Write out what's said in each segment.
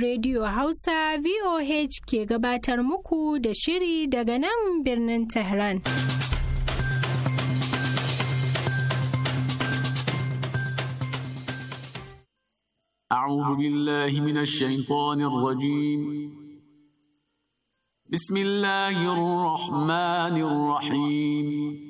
Radiyo Hausa voh ke gabatar muku da shiri daga nan birnin tehran A'a wajen yi magana da shiga wani abu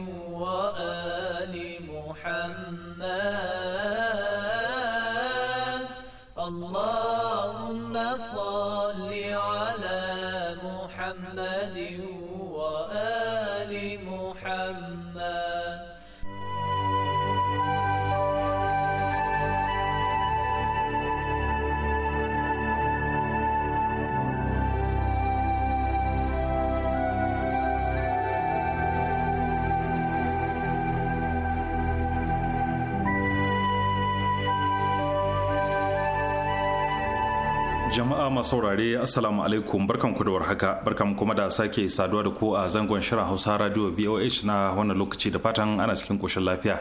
jama'a masu saurare assalamu alaikum barkan ku da warhaka barkan kuma da sake saduwa da ku a zangon shirin hausa radio voh na wannan lokaci da fatan ana cikin koshin lafiya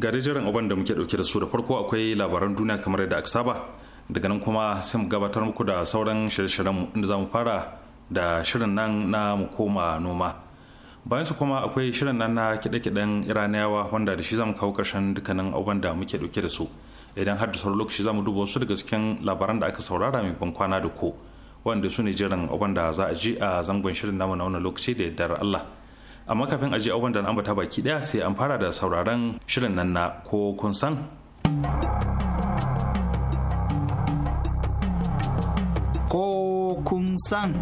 ga jiran abin da muke dauke da su da farko akwai labaran duniya kamar yadda aka saba daga nan kuma sai mu gabatar muku da sauran shirye-shiryen mu inda za fara da shirin nan na mu koma noma bayan su kuma akwai shirin nan na kiɗe-kiɗen iraniyawa wanda da shi zamu kawo ƙarshen dukkanin abin da muke dauke da su idan har da sauran lokaci za mu duba wasu daga cikin labaran da aka saurara mai ban kwana da ko wanda su ne jiran abin da za a ji a zangon shirin namu na wannan lokaci da yardar Allah amma kafin a ji abin da na bata baki daya sai an fara da sauraron shirin nan na ko kun san ko kun san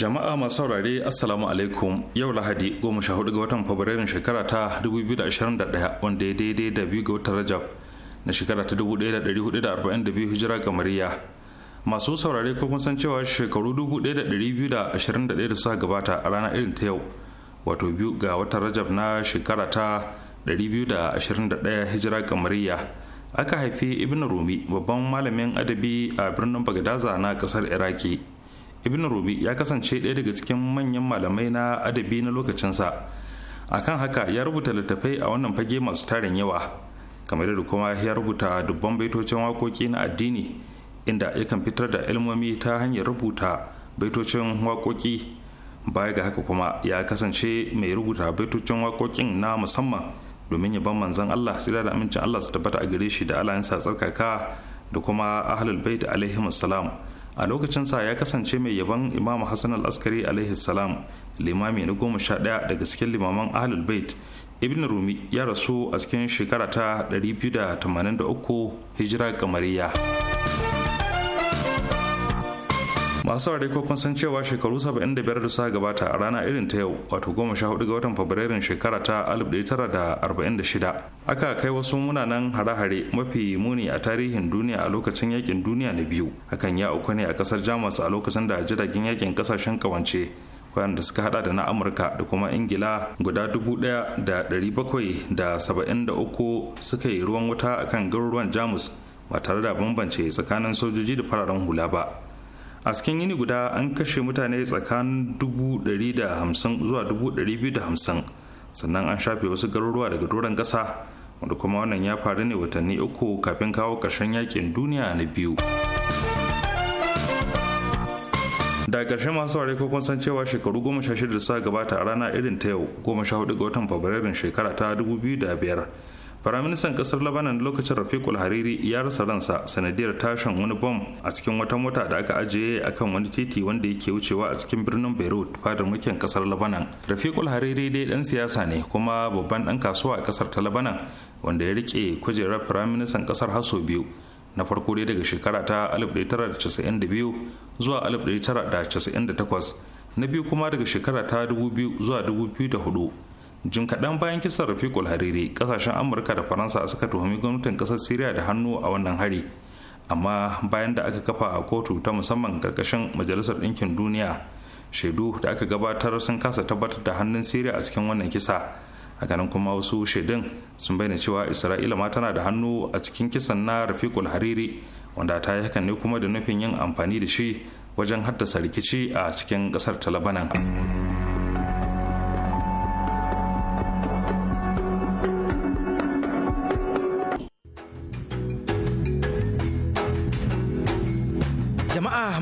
jama'a masu saurare assalamu alaikum yau lahadi goma sha hudu ga watan fabrairun shekara ta 2021 wanda ya daidai da biyu ga watan rajab na shekara ta 1442 hijira Mariya. masu saurare ko kun san cewa shekaru 1221 da suka gabata a ranar irin ta yau wato biyu ga watan rajab na shekara ta 221 hijira Mariya aka haifi ibn rumi babban malamin adabi a birnin bagdaza na kasar iraki ibn rubi ya kasance ɗaya daga cikin manyan malamai na adabi na lokacinsa akan haka ya rubuta littattafai a wannan fage masu tarin yawa kamar da kuma ya rubuta dubban baitocin wakoki na addini inda yakan fitar da ilmomi ta hanyar rubuta baitocin waƙoƙi baya ga haka kuma ya kasance mai rubuta baitocin waƙoƙin na musamman domin ya ban manzon Allah sai da amincin Allah su tabbata a gare shi da sa tsarkaka da kuma ahlul bait alaihi salam a lokacinsa ya kasance mai yaban imam hassan al-askari alaihi salam limami na goma sha daya daga cikin limaman ahlul bait ibn rumi ya rasu a cikin shekara ta 283 hijira kamariya. masu saurari ko kun san cewa shekaru 75 da suka gabata a rana irin ta yau wato 14 ga watan fabrairun shekara ta 1946 aka kai wasu munanan hare-hare mafi muni a tarihin duniya a lokacin yakin duniya na biyu hakan ya uku ne a kasar jamus a lokacin da jiragen yakin kasashen kawance wanda suka hada da na amurka da kuma ingila guda 1773 suka yi ruwan wuta akan garuruwan jamus ba tare da bambance tsakanin sojoji da fararen hula ba a cikin yini guda an kashe mutane tsakanin 150 zuwa 250 sannan an shafe wasu garuruwa daga doron kasa wanda kuma wannan ya faru ne watanni uku kafin kawo ƙarshen yakin duniya na biyu daga karshe masu ware ko kun san cewa shekaru goma sha shida suka gabata a rana irin ta yau goma sha hudu ga watan fabrairun shekara ta dubu biyu da biyar firaministan kasar labanan lokacin rafiqul hariri ya rasa ransa sanadiyar tashin wani bom a cikin wata mota da aka ajiye a kan wani titi wanda yake wucewa a cikin birnin beirut fadar mukin kasar labanan rafiqul hariri dai dan siyasa ne kuma babban dan kasuwa a kasar ta labanan wanda ya rike kujerar firaministan kasar haso biyu na farko dai daga shekara ta 1992 zuwa 1998 na biyu kuma daga shekara ta 2000 zuwa 2004 jin kaɗan bayan kisan rafiqul hariri ƙasashen amurka da faransa suka tuhumi gwamnatin ƙasar syria da hannu a wannan hari amma bayan da aka kafa a kotu ta musamman ƙarƙashin majalisar ɗinkin duniya shaidu da aka gabatar sun kasa tabbatar da hannun syria a cikin wannan kisa hakanan kuma wasu shaidun sun bayyana cewa isra'ila ma tana da hannu a cikin kisan na rafiqul hariri wanda ta yi hakan ne kuma da nufin yin amfani da shi wajen haddasa rikici a cikin ƙasar ta labanan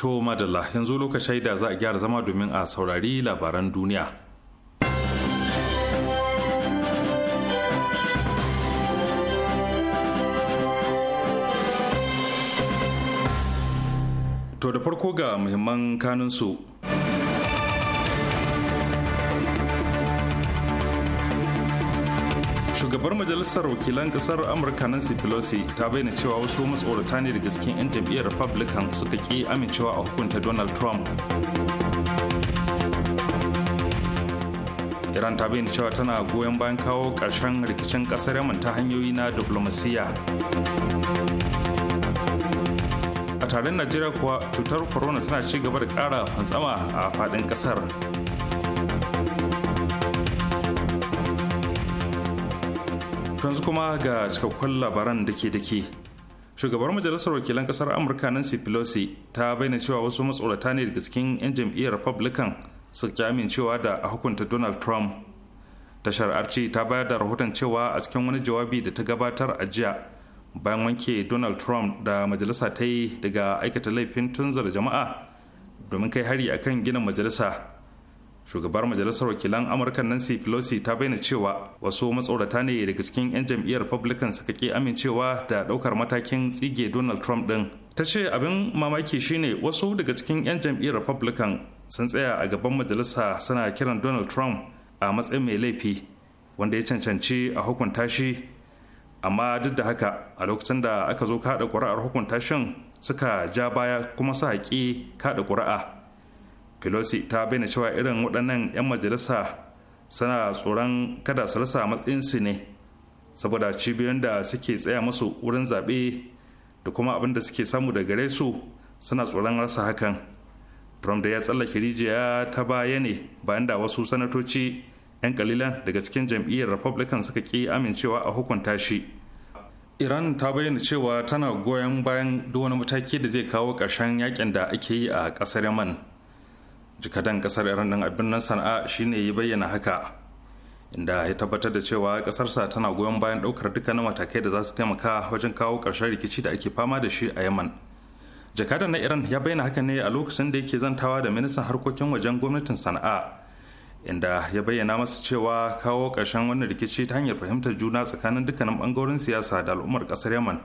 To madalla yanzu lokacin da za a gyara zama domin a saurari labaran duniya. To da farko ga muhimman kanunsu shugabar majalisar wakilan kasar amurka nancy pelosi ta bayyana cewa wasu matsorata ne daga cikin 'yan jam'iyyar republican suka ki amincewa a hukunta donald trump iran ta bayyana cewa tana goyon bayan kawo ƙarshen rikicin ƙasar yaman ta hanyoyi na diplomasiya a tarin najeriya kuwa cutar corona tana ci gaba da ƙara fantsama a faɗin ƙasar yanzu kuma ga cikakkun labaran da ke dake shugabar majalisar wakilan kasar amurka nancy pelosi ta bayyana cewa wasu matsorata ne daga cikin 'yan jam'iyyar republican su amincewa da a hukunta donald trump tashar arci ta bayar da rahoton cewa a cikin wani jawabi da ta gabatar a jiya bayan wanke donald trump da majalisa ta yi daga aikata laifin tunzar jama'a domin kai hari akan ginin majalisa shugabar majalisar wakilan amurka nancy pelosi ta bayyana cewa wasu matsaurata ne daga cikin 'yan jam'iyyar republican suka ke amincewa da daukar matakin tsige donald trump din ta ce abin mamaki shine wasu daga cikin 'yan jam'iyyar republican sun tsaya a gaban majalisa suna kiran donald trump a matsayin mai laifi wanda ya cancanci a hukunta shi amma duk da haka a lokacin da aka zo kada ƙuri'ar hukunta shin suka ja baya kuma su haƙi kada ƙuri'a pelosi ta bayyana cewa irin waɗannan 'yan majalisa suna tsoron kada su rasa su ne saboda cibiyoyin da suke tsaya musu wurin zaɓe da kuma abin da suke samu da gare su suna tsoron rasa hakan trump da ya tsallake rijiya ta baya ne bayan da wasu sanatoci 'yan kalilan daga cikin jam'iyyar republican suka ƙi amincewa a hukunta shi iran ta bayyana cewa tana goyon bayan duk wani mataki da zai kawo karshen yakin da ake yi a ƙasar yaman jikadan kasar iran din abin birnin sana'a shine ya bayyana haka inda ya tabbatar da cewa kasarsa tana goyon bayan daukar dukkanin matakai da za su taimaka wajen kawo karshen rikici da ake fama da shi a yaman jakadan na iran ya bayyana haka ne a lokacin da yake zantawa da ministan harkokin wajen gwamnatin sana'a inda ya bayyana masa cewa kawo ƙarshen wannan rikici ta hanyar fahimtar juna tsakanin dukkanin bangarorin siyasa da al'ummar kasar yaman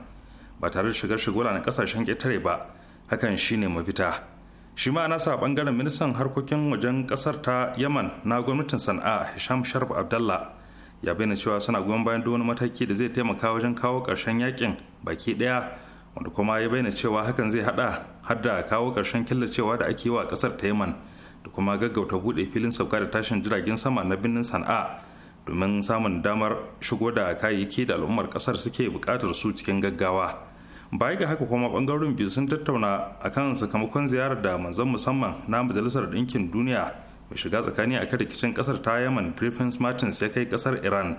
ba tare da shigar shigula na kasashen ƙetare ba hakan shine mafita shi ma nasa bangaren ministan harkokin wajen kasar ta yaman na gwamnatin sana'a hisham sharif abdallah ya bayyana cewa suna goyon bayan duk wani mataki da zai taimaka wajen kawo ƙarshen yakin baki ɗaya wanda kuma ya bayyana cewa hakan zai hada har da kawo ƙarshen killacewa da ake yi wa ƙasar ta yaman da kuma gaggauta buɗe filin sauka da tashin jiragen sama na birnin sana'a domin samun damar shigo da kayayyaki da al'ummar kasar suke buƙatar su cikin gaggawa baya ga haka kuma bangaren biyu sun tattauna a kan sakamakon ziyarar da manzon musamman na majalisar ɗinkin duniya mai shiga tsakani a rikicin kasar ta yaman prince martins ya kai kasar iran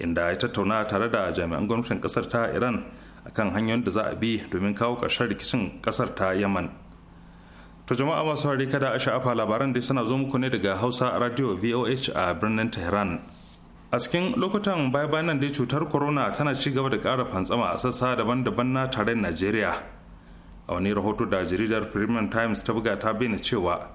inda ya tattauna tare da jami'an gwamnatin kasar ta iran a kan hanyoyin da za a bi domin kawo karshen rikicin kasar ta yaman ta jama'a masu kada a sha'afa labaran da suna zo muku ne daga hausa radio voh a birnin tehran a cikin lokutan baya nan dai cutar corona tana ci gaba da ƙara fantsama a sassa daban-daban na tarayyar najeriya a wani rahoto da jaridar premium times ta buga ta bayyana cewa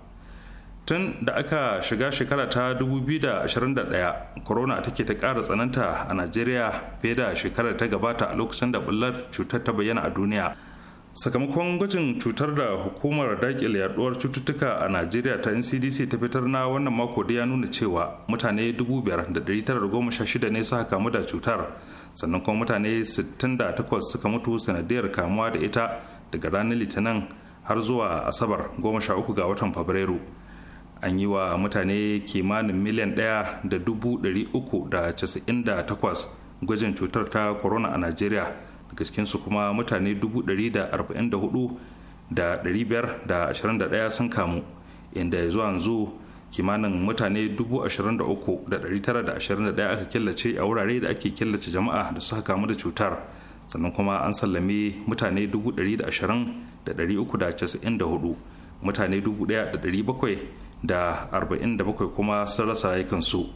tun da aka shiga shekara ta 2021 corona take ta ƙara tsananta a najeriya fiye da shekarar ta gabata a lokacin da bullar cutar ta bayyana a duniya sakamakon gwajin cutar da hukumar daƙil yaduwar cututtuka a najeriya ta ncdc ta fitar na wannan mako da ya nuna cewa mutane 5,916 ne suka kamu da cutar sannan kuma mutane 68 suka mutu sanadiyar kamuwa da ita daga ranar litinin har zuwa asabar 13 ga watan fabrairu an yi wa mutane kimanin miliyan ɗaya da gwajin cutar ta corona a najeriya gaskinsu kuma mutane 144,521 sun kamu inda zuwa yanzu kimanin mutane 23,921 aka killace a wurare da ake killace jama'a da suka kamu da cutar sannan kuma an sallame mutane 120,394 mutane 1,747 kuma sun rasa rayukansu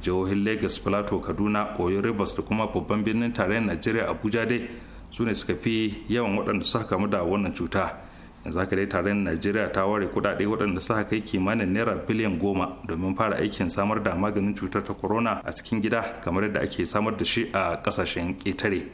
jihohin lagos plateau kaduna oyo rivers da kuma babban birnin tarayyar najeriya abuja dai su ne suka fi yawan waɗanda suka kamu da wannan cuta yanzu haka dai tarayyar najeriya ta ware kudade waɗanda suka kai kimanin naira biliyan goma domin fara aikin samar da maganin cutar ta corona a cikin gida kamar yadda ake samar da shi a kasashen ƙetare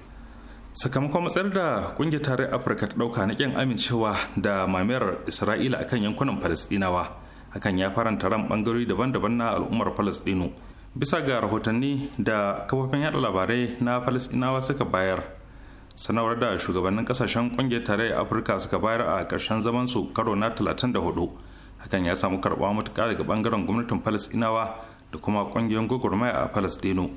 sakamakon matsayar da ƙungiyar tarayyar afirka ta ɗauka na ƙin amincewa da mamayar isra'ila akan yankunan falastinawa hakan ya faranta ran bangarori daban-daban na al'ummar falastinu bisa ga rahotanni da kafofin yada labarai na falastinawa suka bayar sanarwar da shugabannin kasashen kungiyar tarayyar afirka suka bayar a ƙarshen zaman su karo na 34 hakan ya samu karɓa matuƙa daga bangaren gwamnatin palestinawa da kuma ƙungiyar gwagwarmaya a palestino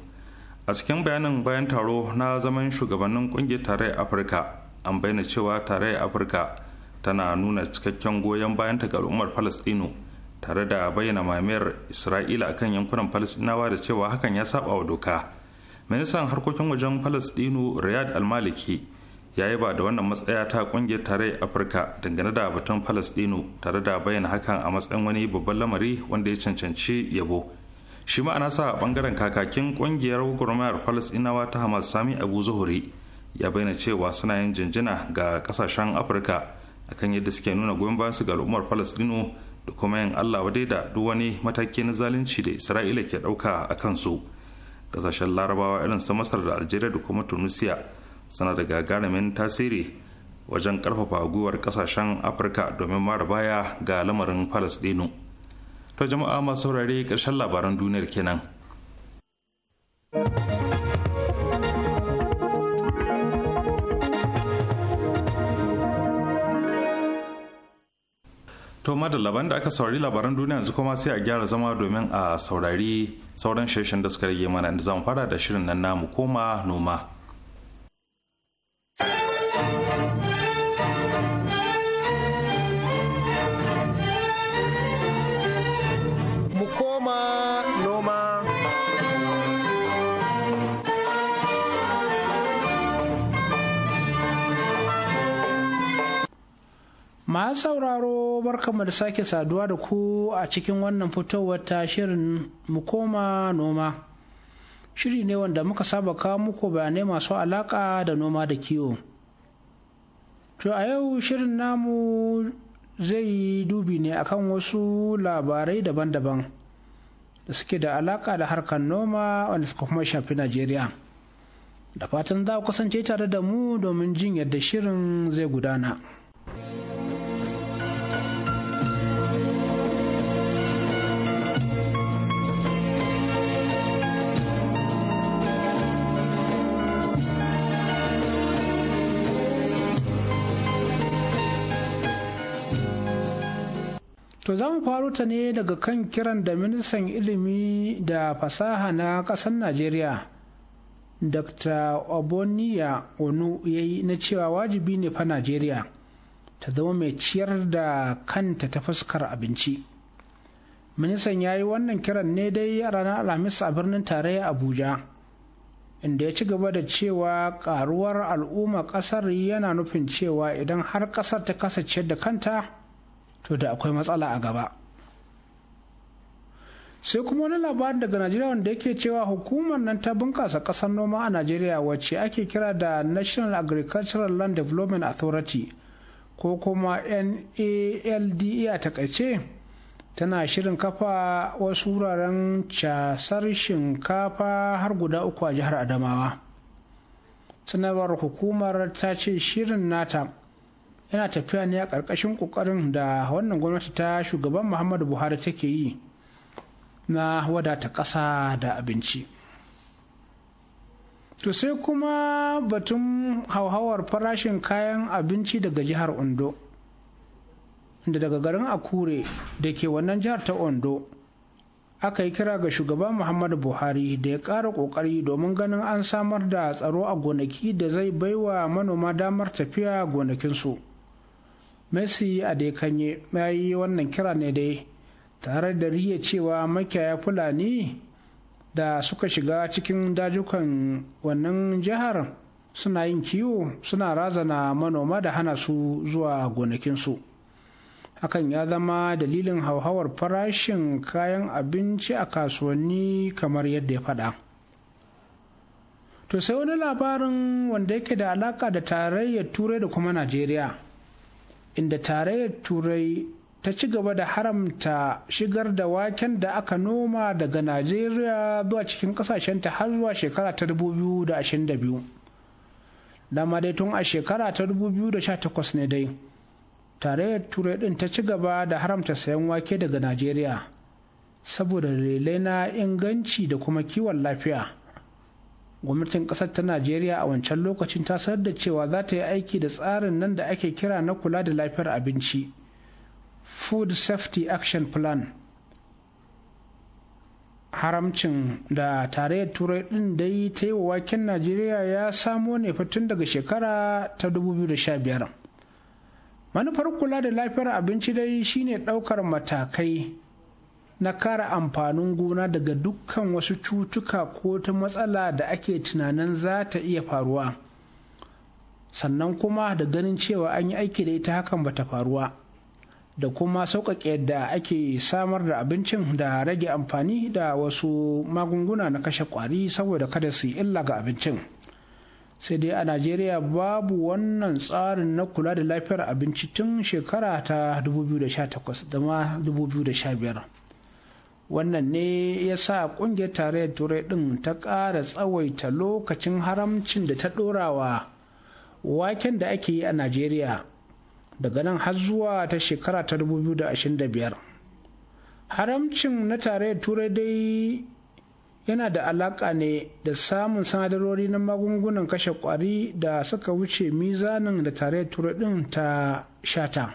a cikin bayanin bayan taro na zaman shugabannin kungiyar tarayyar afirka an bayyana cewa tarayyar afirka tana nuna cikakken goyon bayanta ga al'ummar palestino tare da bayyana mamayar isra'ila akan yankunan palestinawa da cewa hakan ya saba wa doka ministan harkokin wajen palestino riyad almaliki ya yi ba da wannan matsaya ta kungiyar tarayyar afirka dangane da batun palestino tare da bayyana hakan a matsayin wani babban lamari wanda ya cancanci yabo shi ma ana sa bangaren kakakin kungiyar gurmayar palestinawa ta hamas sami abu zuhuri ya bayyana cewa suna yin jinjina ga kasashen afirka akan yadda suke nuna goyon bayan su ga al'ummar palestino da kuma yin allah wadai da duk wani mataki na zalunci da isra'ila ke ɗauka a kansu. su kasashen larabawa irin su masar da algeria da kuma tunisia suna da gagarumin tasiri wajen karfafa guwar kasashen afirka domin mara baya ga lamarin palestino ta jama'a masu saurare karshen labaran duniyar kenan to madalla da aka saurari labaran duniya yanzu kuma sai a gyara zama domin a saurari sauran shirin da suka rage mana da zamu fara da shirin nan namu koma noma masu sauraro barkamu da sake saduwa da ku a cikin wannan fitowar ta shirin mu koma noma. Shiri ne wanda muka saba kawo muku bayanai masu alaka da noma da kiwo. To a yau shirin namu zai yi dubi ne akan wasu labarai daban-daban da suke da alaka da harkar noma wanda suka kuma shafi Najeriya. Da fatan za ku kasance tare da mu domin jin yadda shirin zai gudana. To za mu faru ta ne daga kan kiran da ministan ilimi da fasaha na ƙasar Najeriya, Dr. Oboniya Onu ya yi na cewa wajibi ne fa Najeriya ta zama mai ciyar da kanta ta fuskar abinci. Ministan ya yi wannan kiran ne dai a ranar Alhamis a birnin tarayya Abuja, inda ya ci gaba da cewa ƙaruwar al'umma ƙasar yana nufin cewa idan har ƙasar ta kasance da kanta. to da akwai matsala a gaba sai kuma wani labarin daga najeriya wanda yake cewa hukumar nan ta bunkasa kasar noma a najeriya wacce ake kira da national agricultural land development authority ko kuma nalda e a takaice tana shirin kafa wasu wuraren casar shinkafa har guda uku a jihar adamawa sanarwar hukumar ta ce shirin nata yana tafiya ne a ƙarƙashin ƙoƙarin da wannan gwamnati ta shugaban muhammadu buhari take yi na wadata ƙasa da abinci to sai kuma batun hauhawar farashin kayan abinci daga jihar ondo da daga garin akure da ke wannan jihar ta ondo aka yi kira ga shugaban muhammadu buhari da ya ƙara ƙoƙari domin ganin an samar da tsaro a gonaki da zai baiwa manoma damar tafiya gonakinsu messi a da ya yi wannan kira ne dai tare da riya cewa makiyaya fulani da suka shiga cikin dajukan wannan jihar suna yin kiwo suna razana manoma da hana su zuwa gonakinsu hakan ya zama dalilin hauhawar farashin kayan abinci a kasuwanni kamar yadda ya faɗa to sai wani labarin wanda yake da alaka da tarayyar turai da kuma najeriya inda tarayyar turai ta ci gaba da haramta shigar da waken da aka noma daga najeriya zuwa cikin kasashenta har zuwa shekara ta 2022 dama dai tun a shekara ta 2018 ne dai tarayyar turai din ta ci gaba da haramta sayan wake daga najeriya saboda relai na inganci da kuma kiwon lafiya gwamnatin kasar ta najeriya a wancan lokacin ta sanar da cewa za ta yi aiki da tsarin nan da ake kira na kula da lafiyar abinci food safety action plan haramcin da tarayyar turai din dai ta yi wa waken najeriya ya samo ne tun daga shekara ta 2015 manufar kula da lafiyar abinci dai shine ɗaukar matakai na kara amfanin gona daga dukkan wasu cutuka ko ta matsala da ake tunanin za ta iya faruwa sannan kuma da ganin cewa an yi aiki da ita hakan bata faruwa da kuma sauƙaƙe da ake samar da abincin da rage amfani da wasu magunguna na kashe ƙwari saboda kada su yi illa ga abincin sai dai a najeriya babu wannan tsarin na kula da lafiyar abinci tun shekara ta 2018 da ma 2015 wannan ne ya sa ƙungiyar tarayyar turai ɗin ta ƙara tsawaita lokacin haramcin da ta ɗorawa waken da ake yi a najeriya daga nan har zuwa ta shekara ta 2025 haramcin na tarayyar turai dai yana da alaƙa ne da samun sanadarori na magungunan kashe ƙwari da suka wuce mizanin da tarayyar turai ɗin ta shata.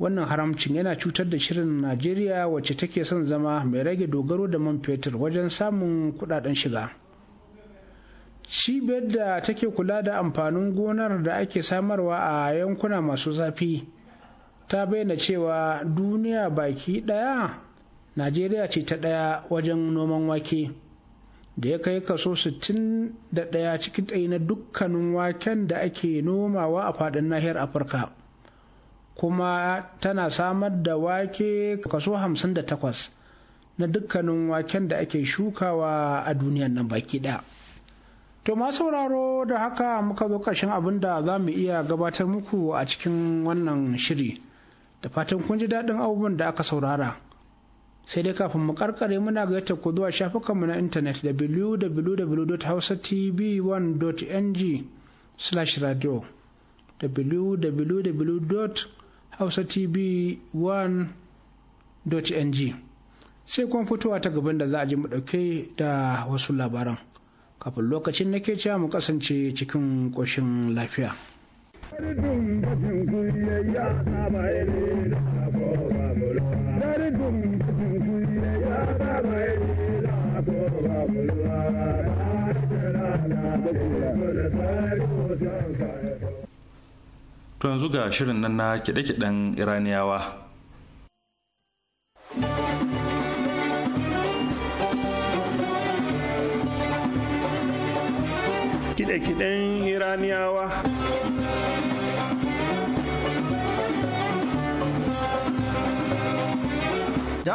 wannan haramcin yana cutar da shirin najeriya wacce take son zama mai rage dogaro da man fetur wajen samun kudaden shiga cibiyar da take kula da amfanin gonar da ake samarwa a yankuna masu zafi ta bayyana cewa duniya baki daya najeriya ce ta daya wajen noman wake da ya kai kaso 61 cikin ɗaya na dukkanin waken da ake nomawa a faɗin nahiyar afirka kuma tana samar da wake kaso 58 na dukkanin waken da ake shukawa a duniyan nan baki ɗaya. To ma sauraro da haka muka zo ƙarshen abin da za mu iya gabatar muku a cikin wannan shiri. Da fatan kun ji daɗin abubuwan da aka saurara. Sai dai kafin mu karkare muna gaita ku zuwa shafukanmu na intanet www.hausatv1.ng/radio hausa tv 1.ng sai kuma fitowa ta gaban da za a ji mu dauke da wasu labaran kafin lokacin nake cewa mu kasance cikin ƙoshin lafiya. to yanzu ga shirin nan na kiɗe-kiɗen iraniyawa kiɗe-kiɗen iraniyawa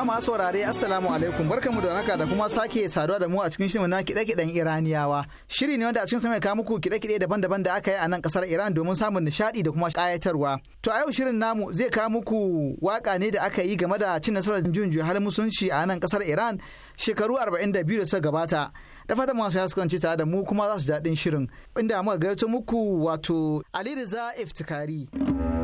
ma saurare Assalamu alaikum barkamu da naka da kuma sake saduwa da mu a cikin shirin na kiɗe-kiɗen Iraniyawa. Shiri ne wanda a cikin sa mai kawo muku kiɗe-kiɗe daban-daban da aka yi a nan kasar Iran domin samun nishadi da kuma kayatarwa To a yau shirin namu zai kawo muku waka ne da aka yi game da cin nasarar jin halin musunci a nan kasar Iran shekaru 42 da suka gabata. Da fatan masu ya sukan tare da mu kuma za su daɗin shirin. Inda muka gayyato muku wato Ali Riza Iftikari.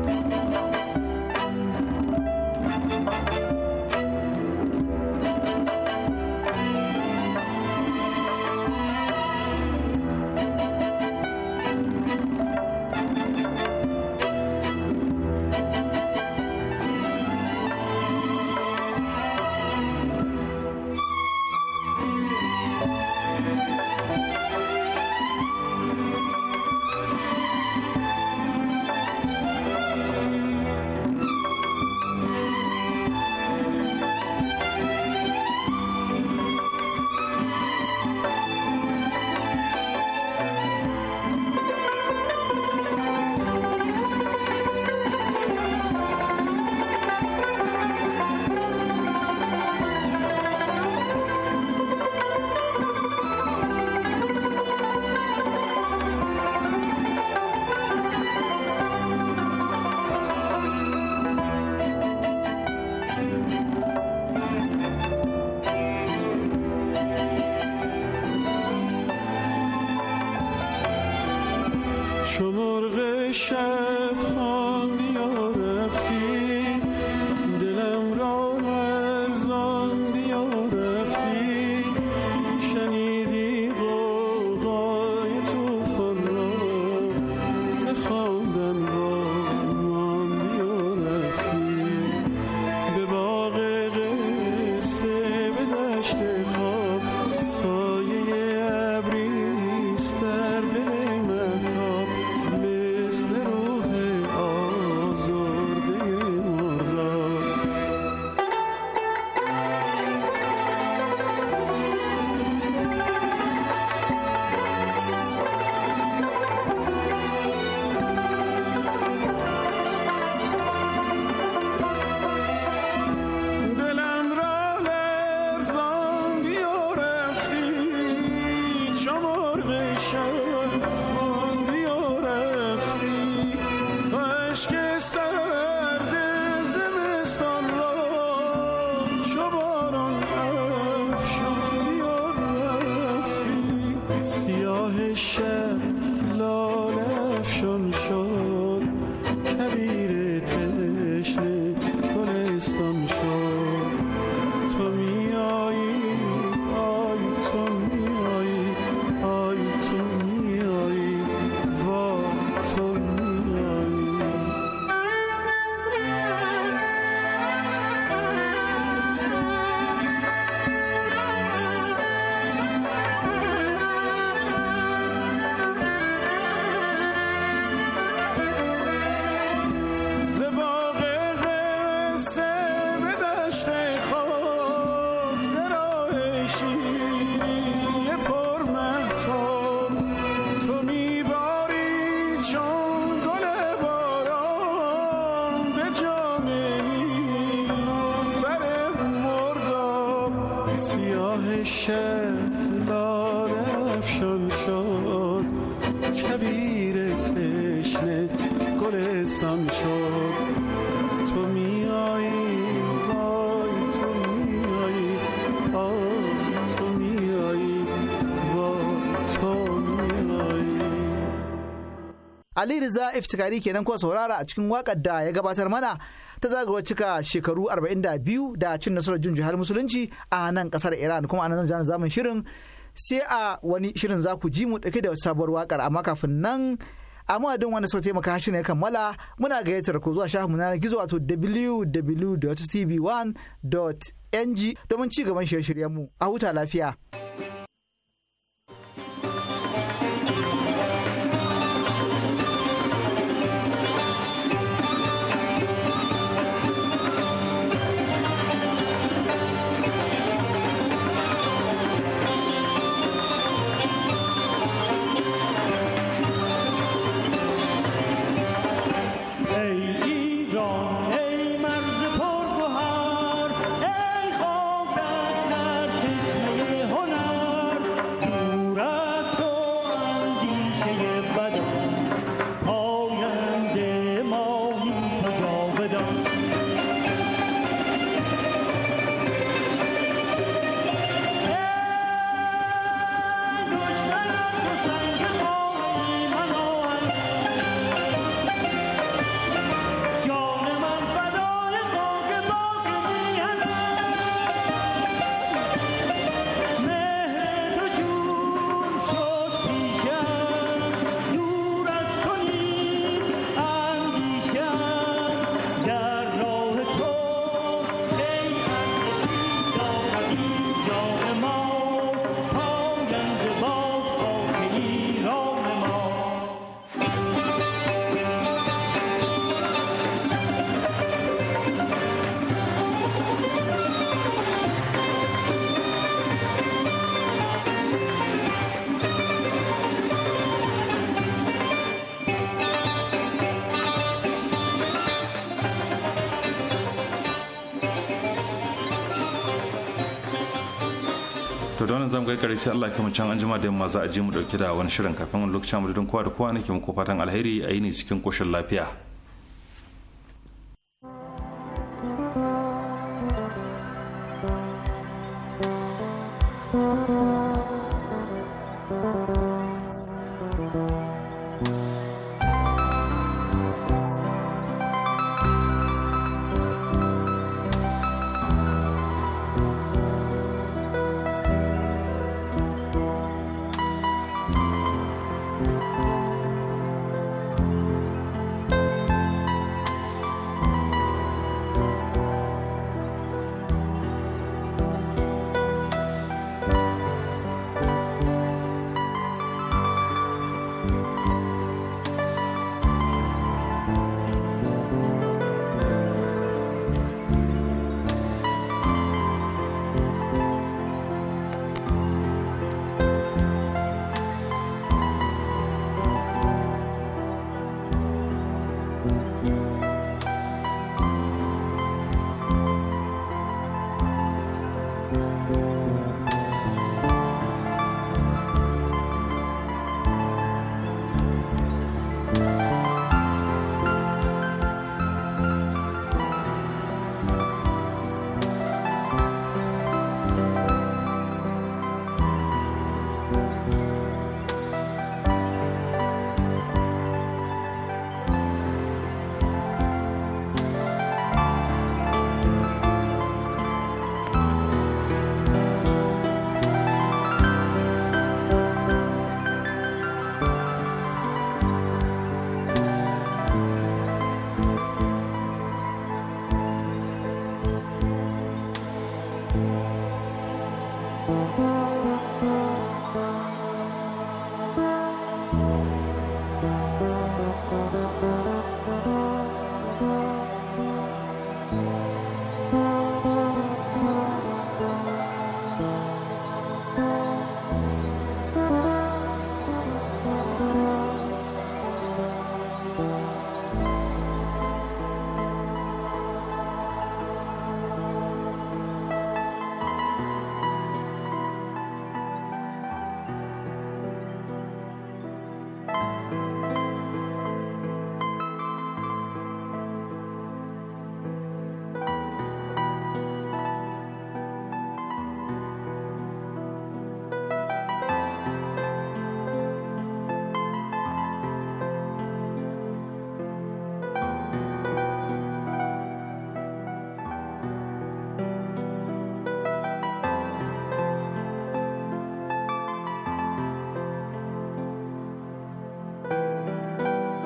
سیاه شب سیاه شب افشان شد کبیر تشنه گلستان شد تو میایی وای تو میایی آه تو آیی وای تو میایی علی رضا افتخاری که که سورا را cikin waƙar دا ya ta zagawar cika shekaru 42 da cin nasarar jin jihar musulunci a nan kasar iran kuma anan zan zamun shirin sai a wani shirin za ku ji mu dauke da sabuwar wakar amma kafin nan a madadin wanda suka taimaka shi ne kammala muna gayyatar ku zuwa shafin na gizo wato www.tv1.ng domin ci gaban shirye-shiryen mu a huta lafiya. kai kare sai Allah kuma can anjima da yamma za a je mu dauke da wani shirin kafin wani lokacin mu da kowa da kowa nake muku fatan alheri a yi ne cikin koshin lafiya